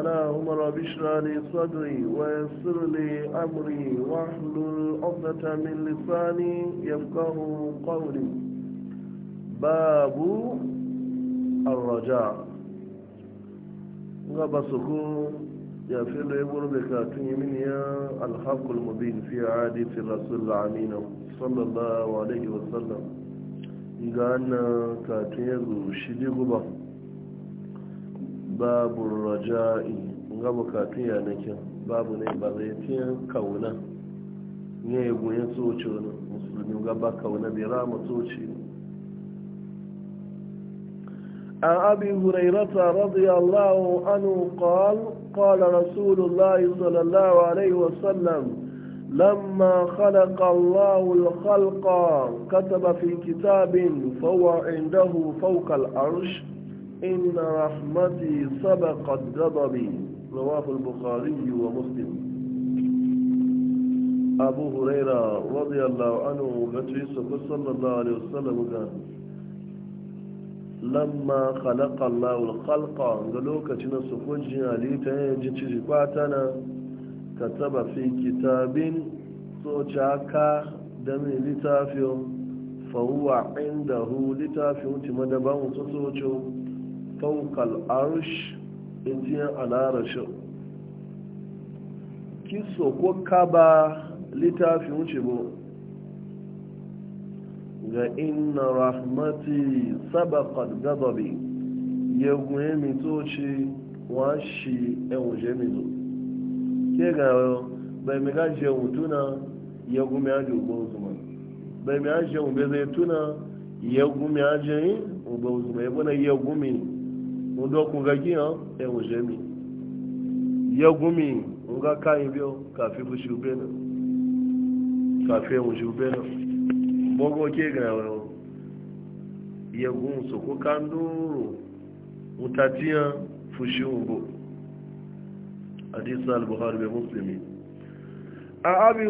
اللهم رب اشرح لي صدري ويسر لي امري واحلل عقدة من لساني يفقه قولي باب الرجاء غاب سكون يا فيل يقول بك من يا الحق المبين في عادة الرسول العمين صلى الله عليه وسلم إذا أن كاتيزو شديد باب الرجاء غبك فيها نكن باب نبغيتي كونا نيغوين سوچون مسلمين غبا كونا برام سوچين عن أبي هريرة رضي الله عنه قال قال رسول الله صلى الله عليه وسلم لما خلق الله الخلق كتب في كتاب فهو عنده فوق الأرش إن رحمتي سبقت غضبي رواه البخاري ومسلم أبو هريرة رضي الله عنه قتل صلى الله عليه وسلم قال لما خلق الله الخلق قالوا كتنا سفوجي عليتا جتشي باتنا كتب في كتاب سوچاكا دمي لتافيو فهو عنده لتافيو تمدبان سوچو faukal arsh injiyan alarashin kiso ko kaba littafi wuce bu ga inna rahmati sabaqat gadabi yegun emi to ci wa shi ehun je mi zo ke ga bai mi ga je ohun tuna yegun mi ajo ugbo zuma bai mi aje ohun beze tuna yegun mi aje ugbo ozuma ebe na yegun ndo kunga giyo e wuje ya gumi nga kayi biyo kafi fushi kafe kafi wuje ubena bogo ke ga wayo ya gumu so ko kanduru mutatiya fushi ubo hadith al-bukhari bi muslimin أبي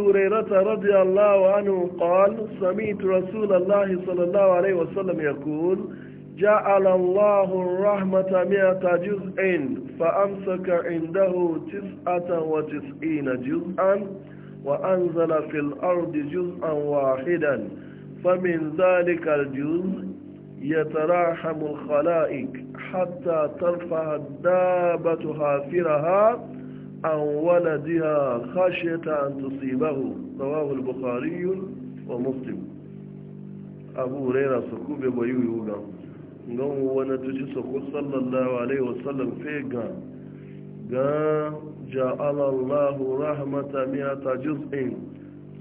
رضي الله عنه قال سمعت رسول الله صلى الله عليه وسلم يقول جعل الله الرحمة مئة جزء فأمسك عنده تسعة وتسعين جزءا وأنزل في الأرض جزءا واحدا فمن ذلك الجزء يتراحم الخلائق حتى ترفع الدابة هافرها عن ولدها خشية أن تصيبه رواه البخاري ومسلم أبو هريرة سكوب ويويوغا ngan wani duci sako sallallahu alaihi wasallam fega ga ja'alallahu rahmata miyata juz'in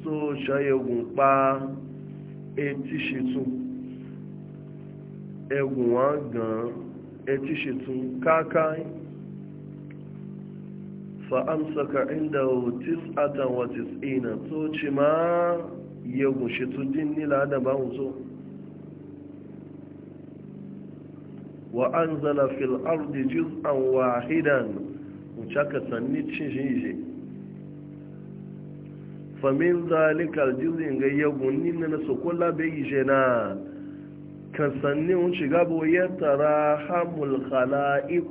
so shayegun pa eti shitun egun wa gan eti shitun kakai fa'amsaka inda tis'atan wa tis'ina so cima yegun shitun din nila da bawun so wa an zala fil ardi juz'an wahidan mucaka sanni cin shi famin zalikar jizin ga yagunni na na sokola bai je na kan sanni un shiga bo ya tara yi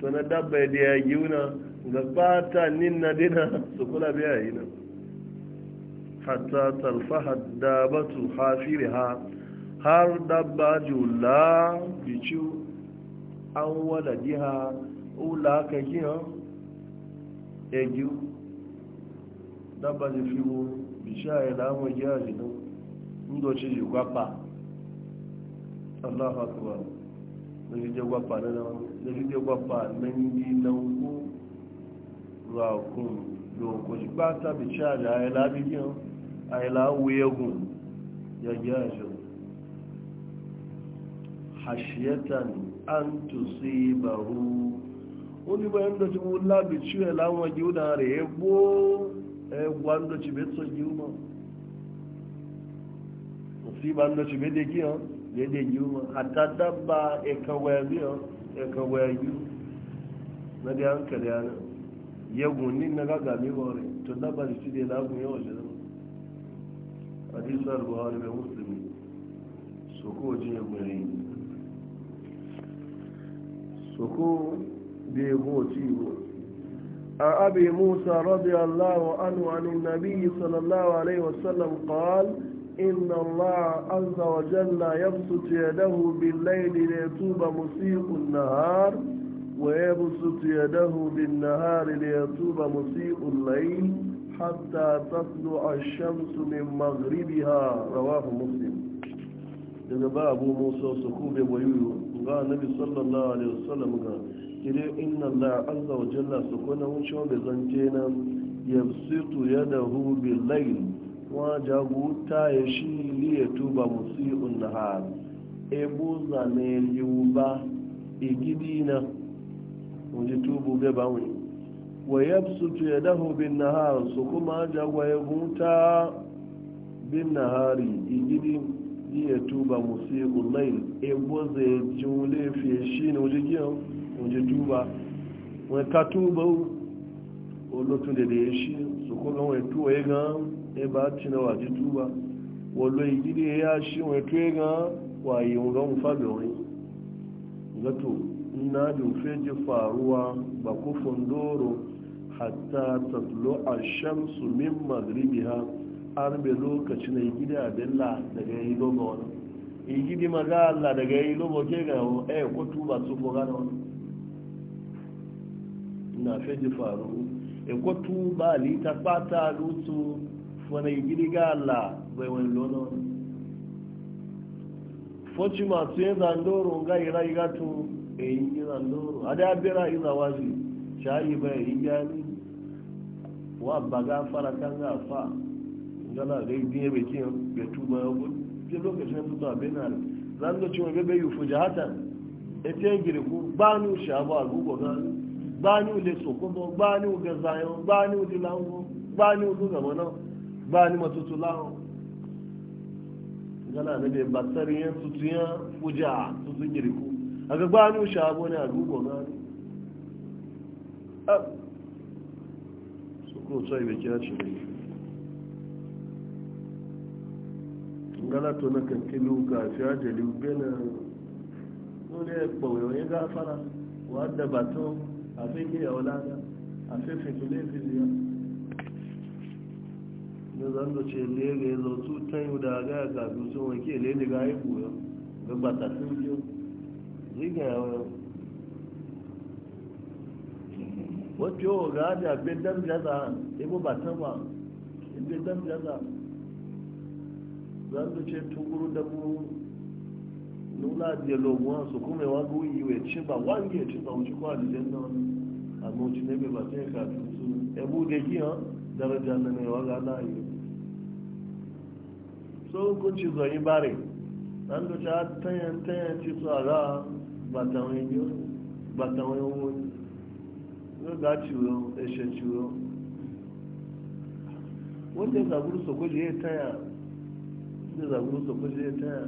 to na dabba da ya giuna ga fata sokola bai yi na hatta talfahar dabatu ha har dabba jula biciu an waladiha ula ka gina egiu dabba da fiwo da ya lamun gina jinin ndoci ji gwapa allahu akbar na jide gwapa na na jide gwapa na ndi na ugwu rakun yau ko ji ba ta da ya labi gina la wuyegun ya gyashin hashiyatan an tusi baru wani bayan da ci wula bi ciwe lanwa giyu yi hare ya bo egwa da ci betso giyu ma musiba da ci bede giyu bede giyu ma hata dabba ekawaya biyu ekawaya giyu na an yankali yana yagun ni na gami wari to dabba da ci da lagun yawon shi عن ابي موسى رضي الله عنه عن النبي صلى الله عليه وسلم قال ان الله عز وجل يبسط يده بالليل ليتوب مسيء النهار ويبسط يده بالنهار ليتوب مسيء الليل hatta tatlu ash-shamsu ha maghribiha rawahu muslim daga ba abu musa su kube wayoyo ga annabi sallallahu alaihi wasallam ga kire inna allah azza wa jalla su kona wucewa bai zance na yabsitu yadahu bil layl wa jaguta ya shi li yatuba musii'un nahar ebu zane yuba igidina na ji tubu be bawai wa yabsutu yadahu bin nahar su kuma jagwaye huta bin nahari igidi iya tuba musiqul layl e boze jule fi shine uje giyo uje tuba wa ka tuba o lotun de ya shi su kuma wa tuwa ya ga e ba tina wa ji tuba wallo igidi ya shi wa tuwa ga wa yi ngon fa be wani gato na jin feje faruwa ba ku fundoro hatta tatlo a shamsu min magribiha har be lokaci na igidi abinla daga yi lobo wani igidi maga Allah daga yi lobo ke ga eh ko tuba su ko gana wani na feji faru e ko tuba li ta pata lutu fana igidi ga Allah bai wani lona wani foci masu yin zandoro ga ira igatu e yi zandoro a da abira izawazi shayi bai yi gani wa baga fara kan ga fa ngala dai be kin be tuba ko je lokacin da ta bena zan da cewa be be yufu jahata e te gire ku banu shabu agugo ga le sokobo banu ga zayo banu dilawo banu duga bono banu matutulawo ngala ne be tutu ku aga ne ko tsaye mai kira shi mai gana to na kankilu kafi ajali bena wani ya kpawai ẹgbọ̀wẹ̀ wọ́n yẹ́gá fara a fi fi fi ne fi ziya na zando ce ne lere su ta yi da ga ga wanke ne ne ga haihu yau ga batafin yau zigaya yau wọ́n tí ó rà á ní àgbẹ̀ dẹ́mìlẹ́sà ebó bàtà wà ẹgbẹ́ zan ce tukuru da buru nuna dialoguwa su kuma yawa goyi wai ci ba wange ci ba wuce kwa alijan na wani amma ne bai ba sai ka su ebu da giya daraja na mai wa gana yi so ci bare an da ta ci ba wani wani ga ciwo eshe ciwo wanda zaguru sokoji ya taya wanda zaguru sokoji ya taya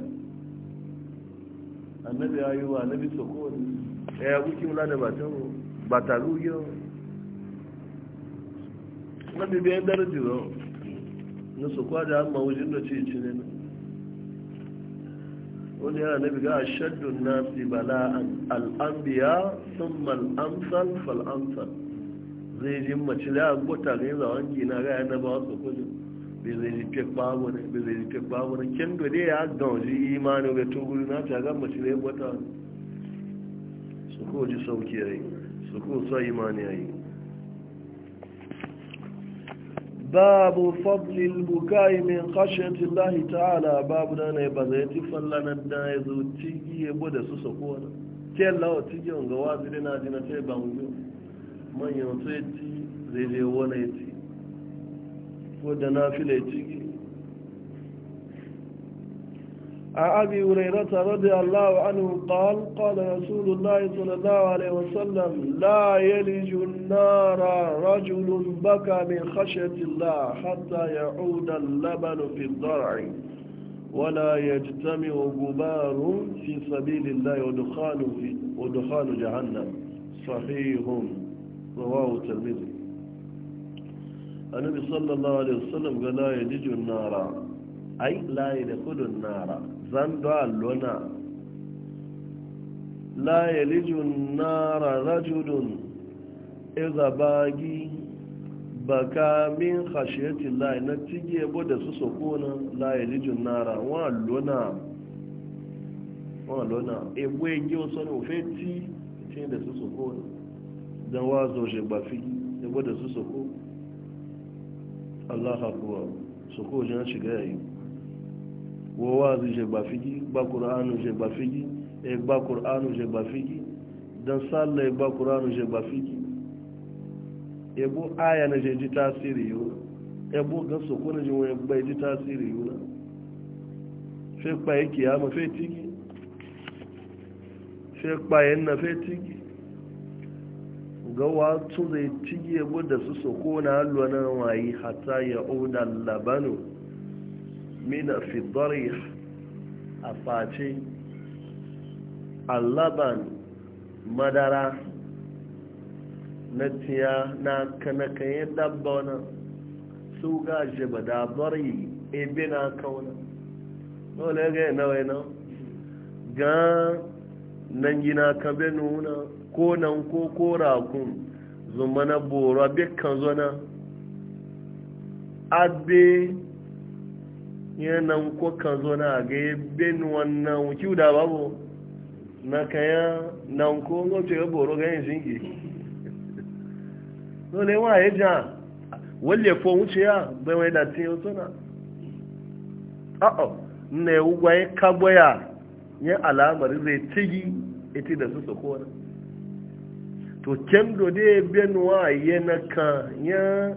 annabi ayuwa annabi sokoji ya kuki wula da batan batalu yau wanda biyan daraji yau na sokoji amma wajen ce wani ya nabi ga shaddun nasi bala'an al'ambiya sun mal'amsal fal'amsal zai ji mace da agbota ne zawon gina ga yana ba wasu kudin bai zai ji fek babu ne bai zai ji fek babu ne kin dole ya gauji imani ga toguri na ta ga mace da agbota su ko ji sauki yayi su ko sa imani yi. باب فضل البكاء من خشية الله تعالى باب دانا يبزيتي فلنا دانا يزوتي يبدا سسكونا كيل لو تيجي ونغوازي لنا دينا تيبا ونجو من ينطيتي زي ليوانا يتي ودنا في ليتيجي عن أبي هريرة رضي الله عنه قال قال رسول الله صلى الله عليه وسلم لا يلج النار رجل بكى من خشية الله حتى يعود اللبن في الضرع ولا يجتمع غبار في سبيل الله ودخان, في ودخان جهنم صحيح رواه الترمذي النبي صلى الله عليه وسلم قال لا يلج النار أي لا يدخل النار zando allona la yalijun nara rajulun iza bagi baka min khashiyati la na tige bo da su sokona la yalijun nara wa lona wa lona e bo ege o so no fe ti tin da su sokona dan wa zo je gbafi e bo da su soko Allah akbar soko je na shiga yayi wo wazi je ba figi ba qur'anu je ba figi e ba qur'anu je ba figi dan sallah e ba qur'anu je ba figi e aya na je ji tasiri yo e bo ga so ko na je wo e ba e ji tasiri yo na fe pa e ki ama fe tigi fe pa e na fe tigi ga wasu zai tigi e bo da su so ko na alwa na wayi hatta ya oda labanu mina fi darih a face allaban madara na tiya na kanakan ya dabba wani su gashi ba da bari ebe na kauna dole ga yana waina ga nan gina kabe nuna ko nan ko ko rakun zuma na bora bekkan zona abe yanan kwakan zo na ga bin wannan wuki da babu na kaya nan ko ngoto ya boro ga yin jingi dole wa ya ja wale fo wuce ya bai wai da ya yoto na a a ne ya kaboya ya alamar zai tigi iti da su soko na to kendo do de bin wa ya na ka ya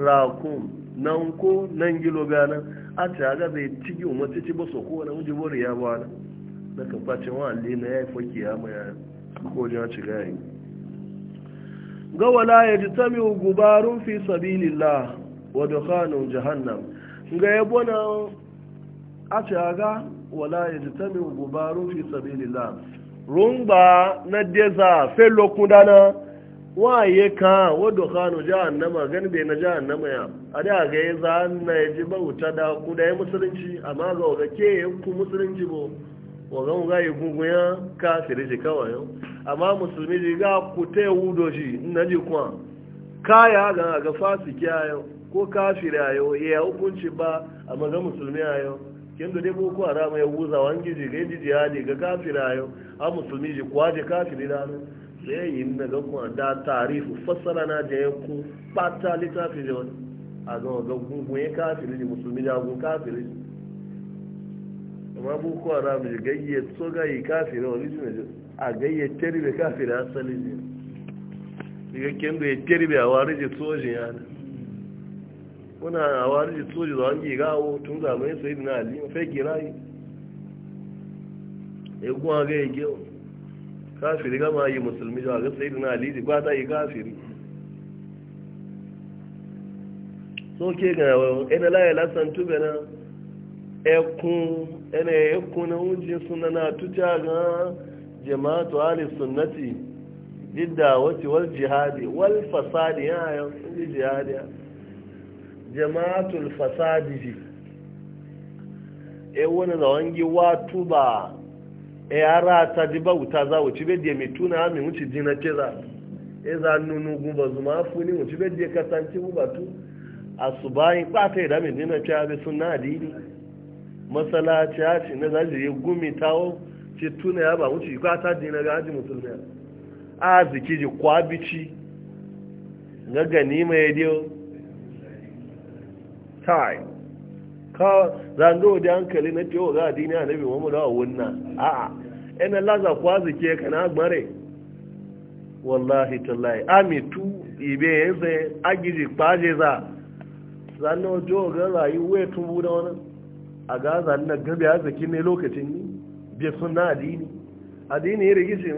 rakum nan ko nan gilo ga a ta ga zai cigi umar ci ba so kowane wani ya ba na na kan face wa alli na ya yi faki ya ma ya ko a ci ga yi ga wala ya ji tami gubarun fi sabilillah wa dukhanun jahannam ga yabo na a ta ga wala ya ji tami gubarun fi sabilillah rumba na deza fe lokudana waye ka wadda kanu nama gani bai na nama ya a da ga yi za na ya ji bauta da ku da ya musulunci amma ga waga ke ya ku musulunci bo ga mu ga yi gungun ya kafiri ji kawai yau amma musulmi ji ga ku ta yi wudo shi na ji Ka ya ga ga fasiki a yau ko kafiri a yau ya hukunci ba amma ga musulmi a yau kin da dai boko haram ya wuza wangiji ga yi jihadi ga kafiri a yau a musulmi ji kuwa ji kafiri da nan yayin daga kuma tarifu fassara na da yanku ɓata littafi da wani a zama ga gungun ya kafiri musulmi da gun kafiri amma boko haram ya gayye tsogayi kafiri wani jini a gayye teribe asali ne daga kendo ya teribe ji tsojin yana kuna a ji tsojin zuwa ngi gawo tun zamanin sayi na alima ga kafiri gama yi musulmi a ga sai na aliji ba ta yi kafiri so ke ga ina laye lasan tube na ekun ina ekun na unji suna na tuta ga jama'atu Ali, sunnati didda wati wal jihadi wal fasadi ya ya jihadi jama'atul fasadi e wani zawangi watu ba e ara ta di wuta za wuci bai da mai tuna mai wuci jina ce za e za nunu guba zuma funi wuci bai da kasance guba tu a su bayi kwata ya dami jina ce abin sun na adini masalaci ya ce na zaji ya gumi tawo ce tuna ya ba wuci kwata jina ga haji musulmi a ziki ji kwabici na gani mai dio time ka di da hankali na ciwo a na annabi muhammadu a wunna a'a ina laza kwazi ke kana gbare wallahi tallahi amitu ibe yanzu agiji kpaje za zanno jo ga yi we tubu da wani a ga zanna gabe ya zaki ne lokacin ni bi sunna adini adini ya rigice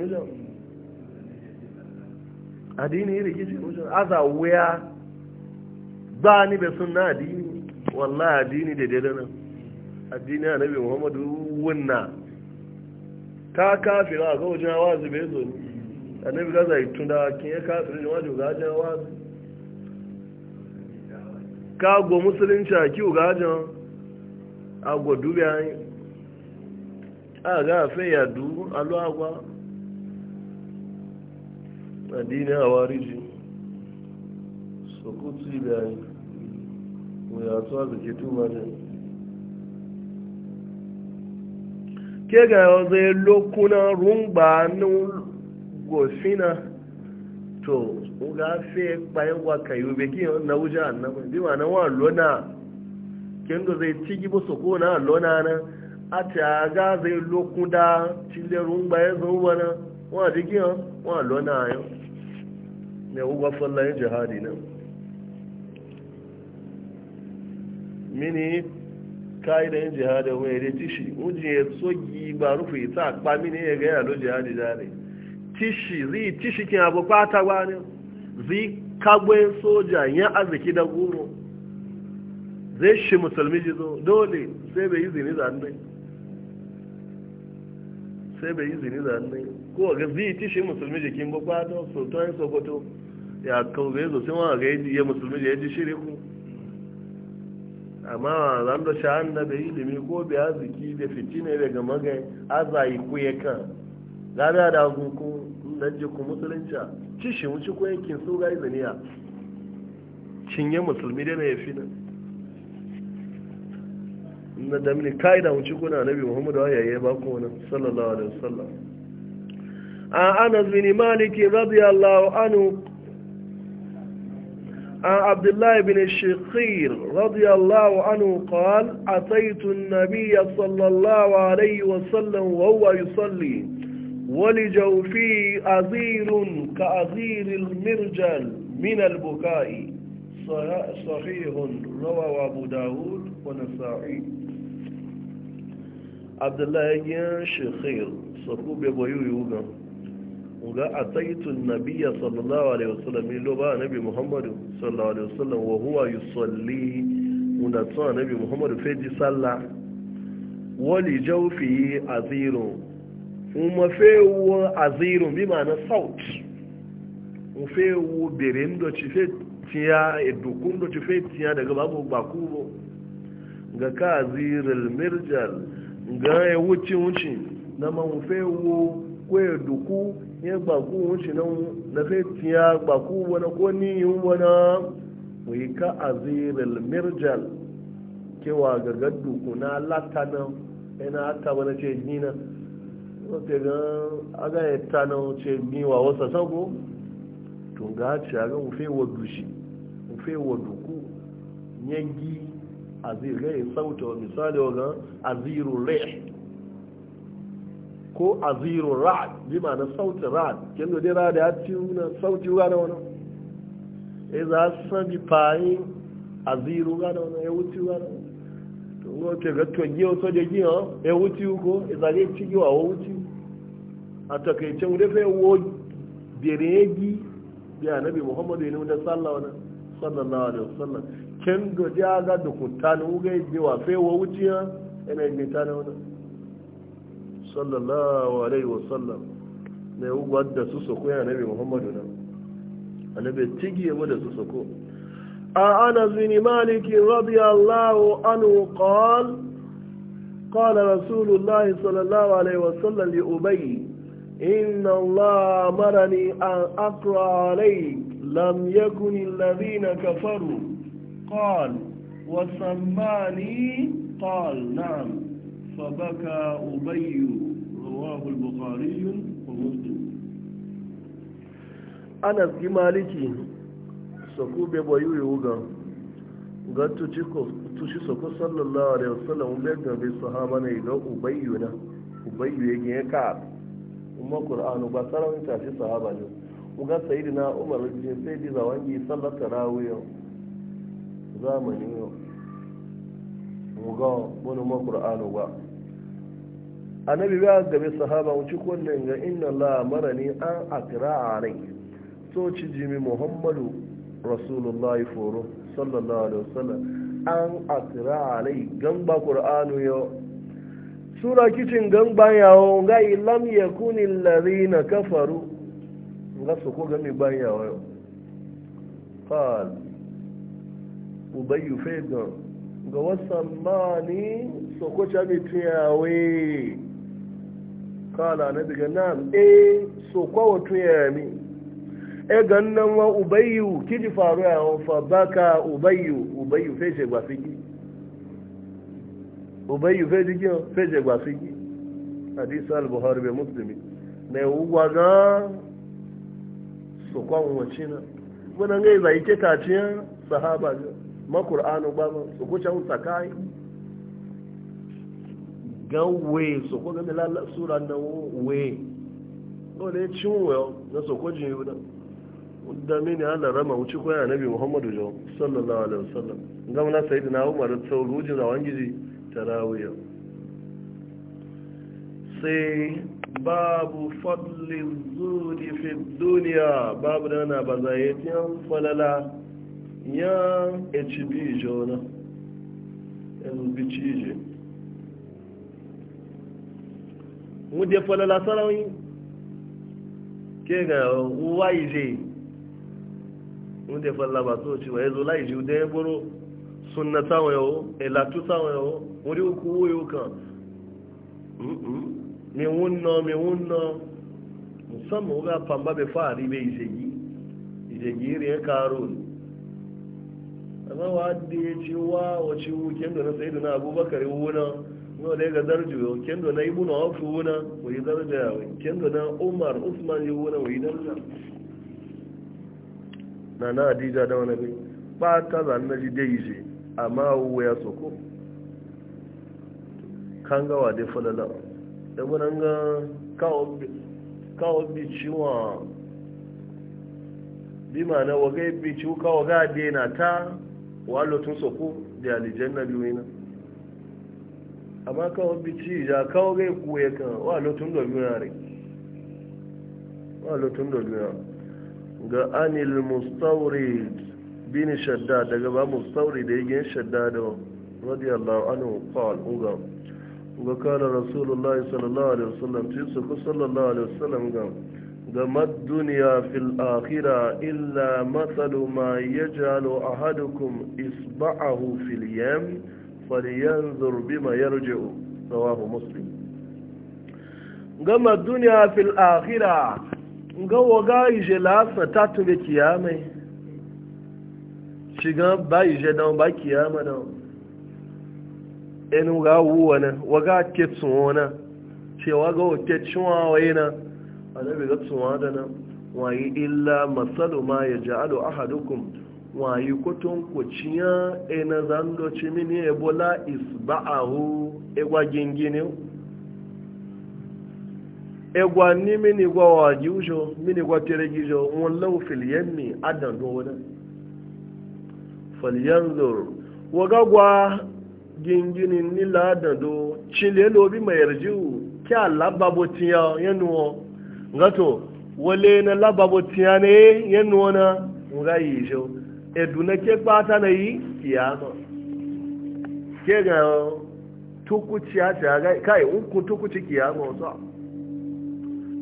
adini ya rigice azawuya aza wuya ba ni adini wallahi addini da nan addini annabi muhammadu wunna ka kafira ga wajen wazi bai zo annabi ga zai tunda kin ya kafira ne wajen ga wajen wazi ka go musulunci a kiwo ga wajen a go a ga fe ya du alu agwa addini a wariji sokotu ibe ayi ya tuwa zuke tuba ne ke ga zai lokuna rumba nun gofina to ga fi bayan wa kayu be na wuja annabi bi na wa lona kendo zai tigi bo soko na lona na ata ga zai lokuda tile rumba ya zo wana wa digi wa lona yo ne uwa fallan jihadi na mini ka'idan jihada wani yi tishi uji ya tsogi ba rufe ta akpa mini ya gaya lo jihadi dare tishi zai tishi kin abu fata wani zai kagbe soja ya arziki da guru. zai shi musulmi ji zo dole sai bai yi zini zanne sai bai yi zini zanne ko ga zai tishi musulmi jikin bakwado sultan sokoto ya kaube zo sai wani ga yi musulmi ji ya ji shiri ku amma zando da sha'an na bai ilimi ko bai arziki da fitina gama magai azayi ku ya kan gada da hukuku na jiku musulunci ci shi wuce ko yankin su ga izaniya cinye musulmi da na ya fi nan na damini ka'ida wuce na nabi muhammadu wa ya ba ku wani sallallahu alaihi wasallam an anas bin malik radiyallahu anhu عن عبد الله بن الشقير رضي الله عنه قال أتيت النبي صلى الله عليه وسلم وهو يصلي ولجوفي أذير أزير كأزير المرجل من البكاء صحيح روى أبو داود ونسائي عبد الله بن الشقير صحوب أبو يوغا ga ataitun nabiya sallallahu alaihi wasallam ilo ba nabi muhammadu sallallahu alaihi wasallam wa huwa yusalli una tsawa nabi muhammadu feji salla wali jawfi azirun uma fewo azirun bi ma na saut un fewo berin do ci fe tiya edukun do ci fe tiya daga babu bakubo ga ka azirul mirjal ga ya wuce wuce na ma man fewo kwe duku ya gbaku shi nan na kai ya gbaku wani ko ni wani mai ka aziril mirjal kewa ga gaddu kuna lata nan yana e ta wani ce nina wata ga aga ya ta nan ce niwa wasa sabo to ga ci a ga mufe wa dushi mufe wa duku yangi azir ga ya sauta wa misali wa ga azirul rai ko aziru ra'ad bi ma na sautin ra'ad kin dai ra'ad ya ci na sauti ga da wani e eh, za san fayi aziru ga da ya wuce ga da to ngo ga to giyo so je giyo e wuce ko za ga ci giyo a wuce a ta kai can da fa wo bi annabi muhammadu ne da sallallahu alaihi wasallam kin ga da kutanu ga giyo fa wo wuce ina imita da sallallahu alaihi wasallam ne wadda su soko ya nabi muhammadu na annabi tigiye wadda su soko a anas bin malik radiyallahu anhu qala قال رسول الله صلى الله عليه وسلم لأبي إن الله أمرني أن أقرأ عليك لم يكن الذين كفروا قال وسماني قال نعم فبكى أبي رواه البخاري ومسلم أنس جمالكي سكو بيبويو tushi soko sallallahu alaihi wasallam bai gabe sahaba ne ga ubayyu na ubayyu ya gina ka umar qur'anu ba sarawin tashi sahaba ne ga sayyidina umar ne sai dị wangi sallar tarawih zamanin yau mu ga wani qur'anu ba annabi ba gabe sahaba wuce kullun ga inna la marani an a alai so ci jimi muhammadu rasulullahi foro sallallahu alaihi wasallam an a alai gamba kur'anu yau. sura kicin gamba yawo ga kuni lari na kafaru ga su ko gami ban yawo yau qal ubayu fegan ga wasan ni so ko cami mi tiyawe kala na biga nam e so kwawo tun ya mi e gannan wa ubayyu kiji faru ya hon fa baka ubayyu ubayyu fe se gba feje ubayyu feje. digi fe se gba figi hadith al buhari be muslimi ne uwa ga so kwawo wacina muna ngai zai ce taciya sahaba ma qur'anu ba so ko can sakai gan we so ko sura na we o le chinwe na so ko jin yuda da mini Allah rama uci ko nabi Muhammadu jo sallallahu alaihi wasallam gan na sayyidina Umar so ruji da wangiji tarawih sai babu fadli zuri fi duniya babu da na bazayetin falala ya hb jona yanzu bici je mude falala sarawin ke ga uwa mu mude falala ba so ci wa yazo la ije da ya boro sunna sawo yo elatu sawo yo wuri ku yo kan mi wunno mi wunno musamman ga pamba be fari be isegi isegi re karun amma wa de ci wa o ci wuken da na sayyidina abubakar wu wuna no dai ga darju yo kendo na ibnu awf wuna wa darja yo kendo na umar usman yo wuna wa darja na na adija da wani bi ba ta na ji dai shi amma wo ya soko kan wa dai falala da wannan ga kawo bi ciwa bi ma na wagai bi ciwa kawo ga na ta wallo tun soko da alijanna biyu amma kawo bici ya kawo gai kuwa kan wa lotun da duniya ne wa lotun da duniya ga anil mustawrid bin shadda daga ba mustawrid da yake shadda da radiyallahu anhu qal uga uga kana rasulullahi sallallahu alaihi wasallam ci su sallallahu alaihi wasallam ga gama duniya fil akhira illa mathalu ma yaj'alu ahadukum isba'ahu fil yam falyanzur bima yarji'u rawahu muslim gama duniya fil akhira ga waga ije lasa ta tube kiyamai shiga ba ije dan ba kiyama dan enu ga wuwa na waga ke tsuwa na cewa ga wata cinwa waye na annabi ga tsuwa da na illa masalu ma yaj'alu ahadukum wayi kotun kuciya e na zando cimini ebola isba'ahu egwa gingine egwa ni mini gwa waji ujo mini gwa tere gijo won law fil yammi adan do wona falyanzur waga gwa gingini ni la adan do chile lo bi mayarjiu kya lababo tiya yenu ngato wale na lababo tiya ne yenu wona ngai jo eduna ke kpata na yi kiyama ke ga tukuci a ta kai uku tukuci kiyama wasu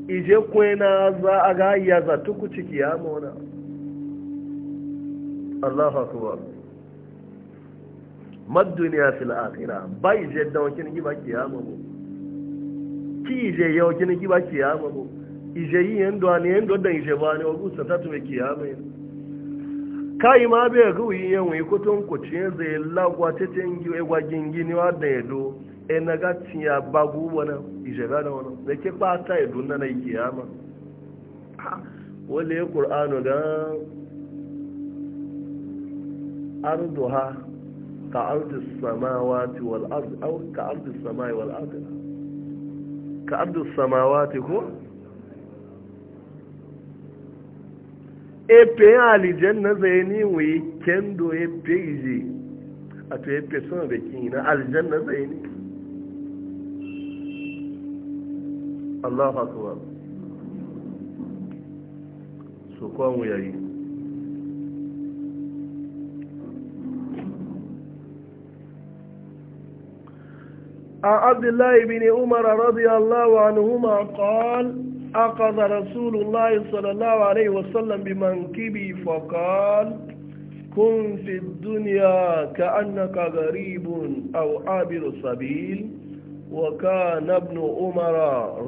ije na za a ga ya za tukuci kiyama wana Allahu akbar mad duniya fil akhirah bai je da wakin giba kiyama bo ki je ya wakin giba kiyama bo ije yi endo ani endo da ije bani ogusta tatu kiyama yana kai ma bai ga uyi yan wi kutun ku ci zai lagwa titin gi egwa gingi ni wa da edo enaga na ga ti ya bagu wana ijega na wana da ke ba ta edo na na kur'an wale ardu ha arduha ka ardu sama wal ard ka ardu sama wal ard ka ardu samawati ko epe ya aljanna zai ni wuyi kendo epe ije a to epe sun da ki na zai ni Allahu akbar su ko mu yayi عن عبد الله بن عمر رضي الله أخذ رسول الله صلى الله عليه وسلم بمنكبي فقال كن في الدنيا كأنك غريب أو عابر سبيل وكان ابن عمر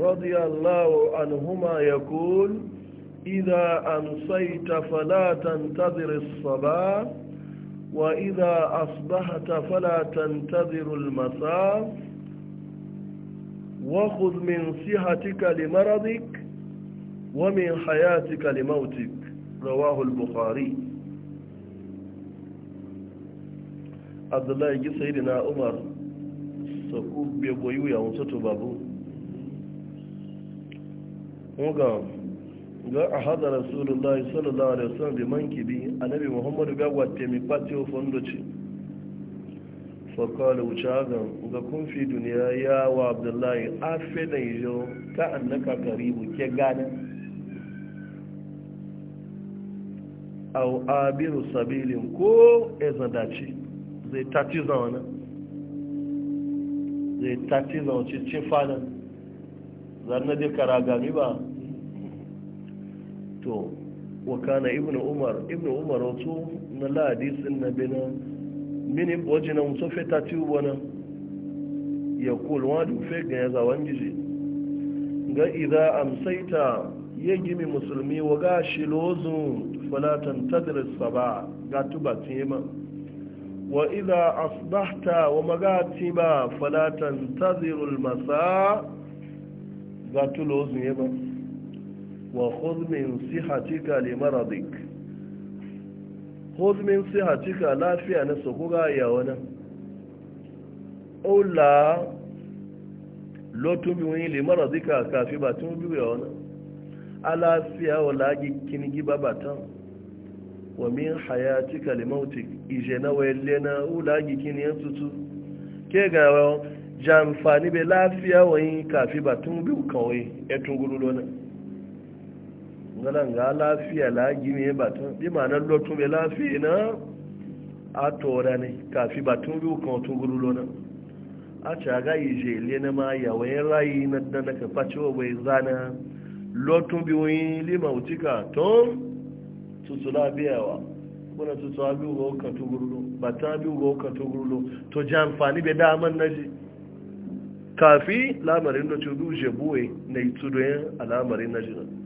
رضي الله عنهما يقول إذا أمسيت فلا تنتظر الصباح وإذا أصبحت فلا تنتظر المساء وخذ من صحتك لمرضك ومن حياتك لموتك رواه البخاري عبد الله يجي سيدنا عمر سكوب بيبويو يا وسطو بابو وقام ga a hada rasulullahi sallallahu alaihi wasallam bi mankibi annabi muhammadu ga wate mi patio fondo ce fakawar wuce hagan ga kunfi duniya ya wa abdullahi afe da yijo ka annaka karibu ke gane A abiru sabilin ko ezadaci zai tati zaune zai tati zaune cin fadan zarna dai karagami ba to wakana ibn umar ibn umar wato na ladisin na benin mini boji na mutu fe ta ci ubona ya kulwa da fe ga ya zawon gizi ga idza amsaita ya gimi musulmi wa ga lozu falatan tadris saba ga tuba tema wa idza asbahta wa ba falatan tadhirul masa ga tulozun yema wa khudh sihatika li maradik hosmin hozmin sihatika lafiya na sokoga ya wani ola lotun bi wani limar razika kafi ba tun biyu ya wani alafiya wa lagi kinigi babatan wa min hayatika limautik ije na wele na ulagi kini ya tutu ke gawa jamfani be lafiya wani kafi ba tun biyu kawai ya tun gudu lona ganan ga lafiya lagi ne batun bi ma'anar lotu bai lafiya na a tora ne kafi batun biyu kan wata gurulo na a caga yi jele na ma yawayin rayi na dana ka faci wa bai zana lotu biyu yi lima wucika ton tutula biyawa kuna tutula biyu ga wakan to gurulo batun biyu ga wakan to lo to ji amfani bai daman na ji kafi lamarin da cudu jebuwe na itudoyin al'amarin na jinan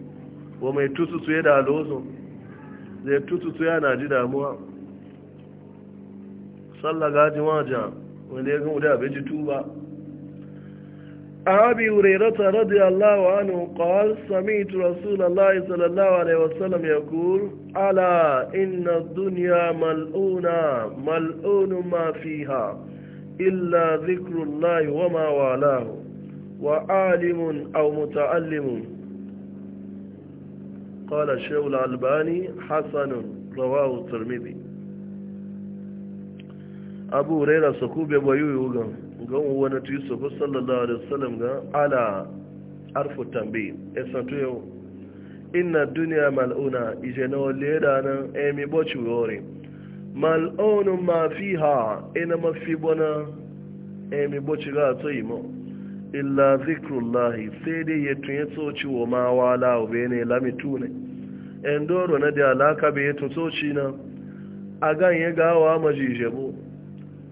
wa mai tututu ya da alozo zai tututu ya na ji damuwa tsalla gajin waja wanda ya zan wuda bai ji tuba ahabi wurerata radiyallahu anu kawar samitu rasulallah isallallahu alaihi wasallam ya kuru ala inna duniya mal'una mal'unu mafi ha illa zikrullahi wa mawalahu wa alimun au mutu'allimun قال الشيخ الألباني حسن رواه الترمذي أبو هريرة سكوب ويوي قام ونتي سكو صلى الله عليه وسلم على أرف التنبيه إسنتو إن الدنيا ملؤونة إجنو ليرانا إمي بوشي ووري ملؤون ما فيها إنما في بنا إمي بوشي غاتيمو illa zikrullahi sai dai ya tunye tsoci wa ma wala obe ne lamitu ne endoro na da alaka bai ya tsoci na a ganye gawa majijebo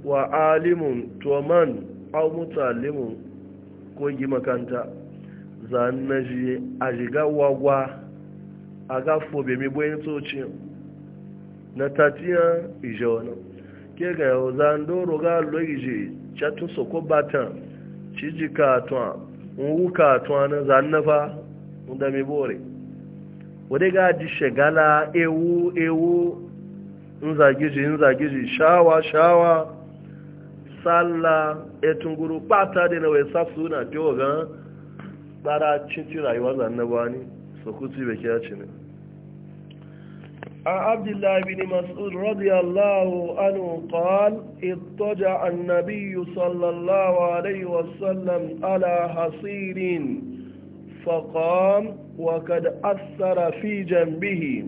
wa alimun toman au mutalimun ko gi makanta zan na ji a jiga wagwa a gafo bai mi tsoci na tatiya ije wani ke ga yau zan doro ga lo ije chatun soko batan ciji katuwa ngu katuwa na zannafa da mai bore wadda ga ji shagala ewu ewu in zagiji shawa shawa salla etunguru pata da na wai sasu na tiyo gan tsara cinci rayuwar sokuti bai kya ci عن عبد الله بن مسعود رضي الله عنه قال اضطجع النبي صلى الله عليه وسلم على حصير فقام وقد أثر في جنبه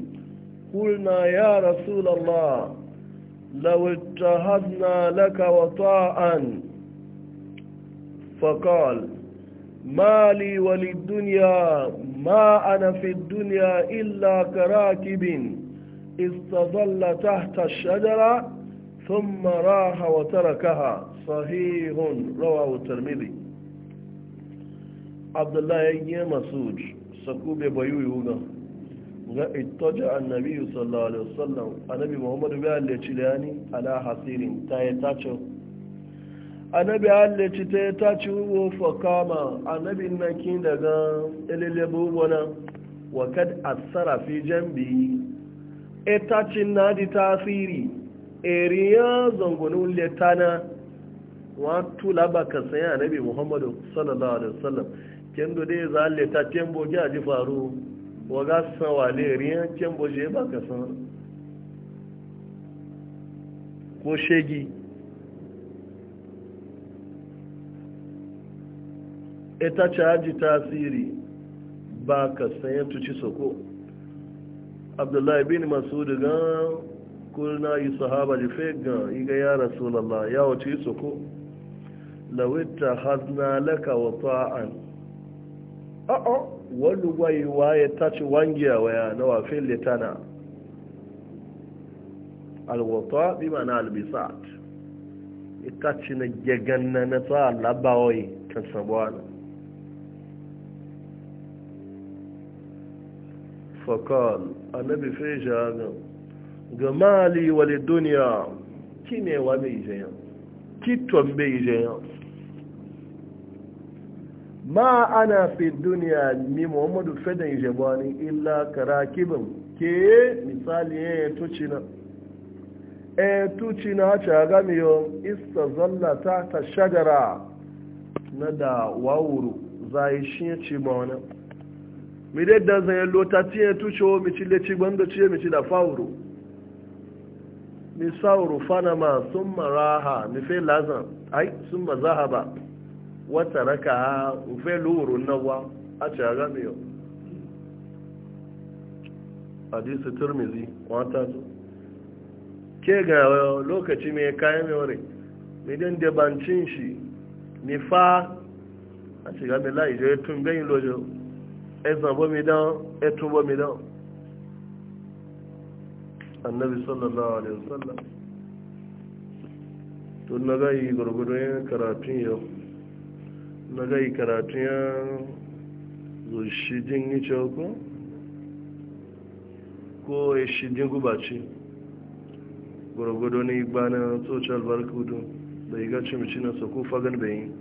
قلنا يا رسول الله لو اتخذنا لك وطاء فقال ما لي وللدنيا ما أنا في الدنيا إلا كراكب استظل تحت الشجرة ثم راح وتركها صحيح رواه الترمذي عبد الله يا سكوب بيو يوغا ga ittaja annabi sallallahu alaihi wasallam annabi muhammadu bai halarci da yani ala hasirin ta ya tace annabi halarci ta ya tace wo fa kama annabi nan kin daga ilele bubona wakad kad asara fi jambi etacin na di tasiri eriyan zangonin letana wato labaka sayan annabi muhammadu sallallahu alaihi wasallam kendo dai za leta tembo ji aji faru waga sawale riyan tembo je ba ka san ko shegi ita ci aji tasiri ba ka san ya tuci soko abdullahi bin masud gan kulna yi sahaba da fega iga ya rasulallah ya wace su ko lawita hazna laka wa ta'an a'a wani gwaiwa ya tace wangiya waya na wafin litana alwata bi mana albisat ita ci na gagan na na ta labawai kan sabuwa fakal annabi feja ga ga mali wale duniya ki ne wa mai jayan ki tombe jayan ma ana fi duniya ni muhammadu fedan jabani illa karakibin ke misali ya yi na e tucina ta gamiyo Ista zalla ta ta shagara na da wawuru zai shi ya ci ma wani mi dai da zan yallo ta tiye tucho mi ci le ci gbanda ciye mi ci da fauru mi sauru ma sun maraha mi fe lazan ai sun ma zahaba wata raka ha ufe luru nawa a ci a gami yau hadisi turmizi wata zo ke ga eh, lokaci mai kayan yore mi dan da bancin shi mi fa a ci gami la ijo ya tun ganyi lojo ezan bo mi dan etun annabi sallallahu alaihi wasallam to na ga yi gurgudu yin karatun yau na yi karatun ya zo shi jin ko ko ya shi jin gubaci gurgudu ne igbanin social barkudu da yi gaci mace na sako fagen bayin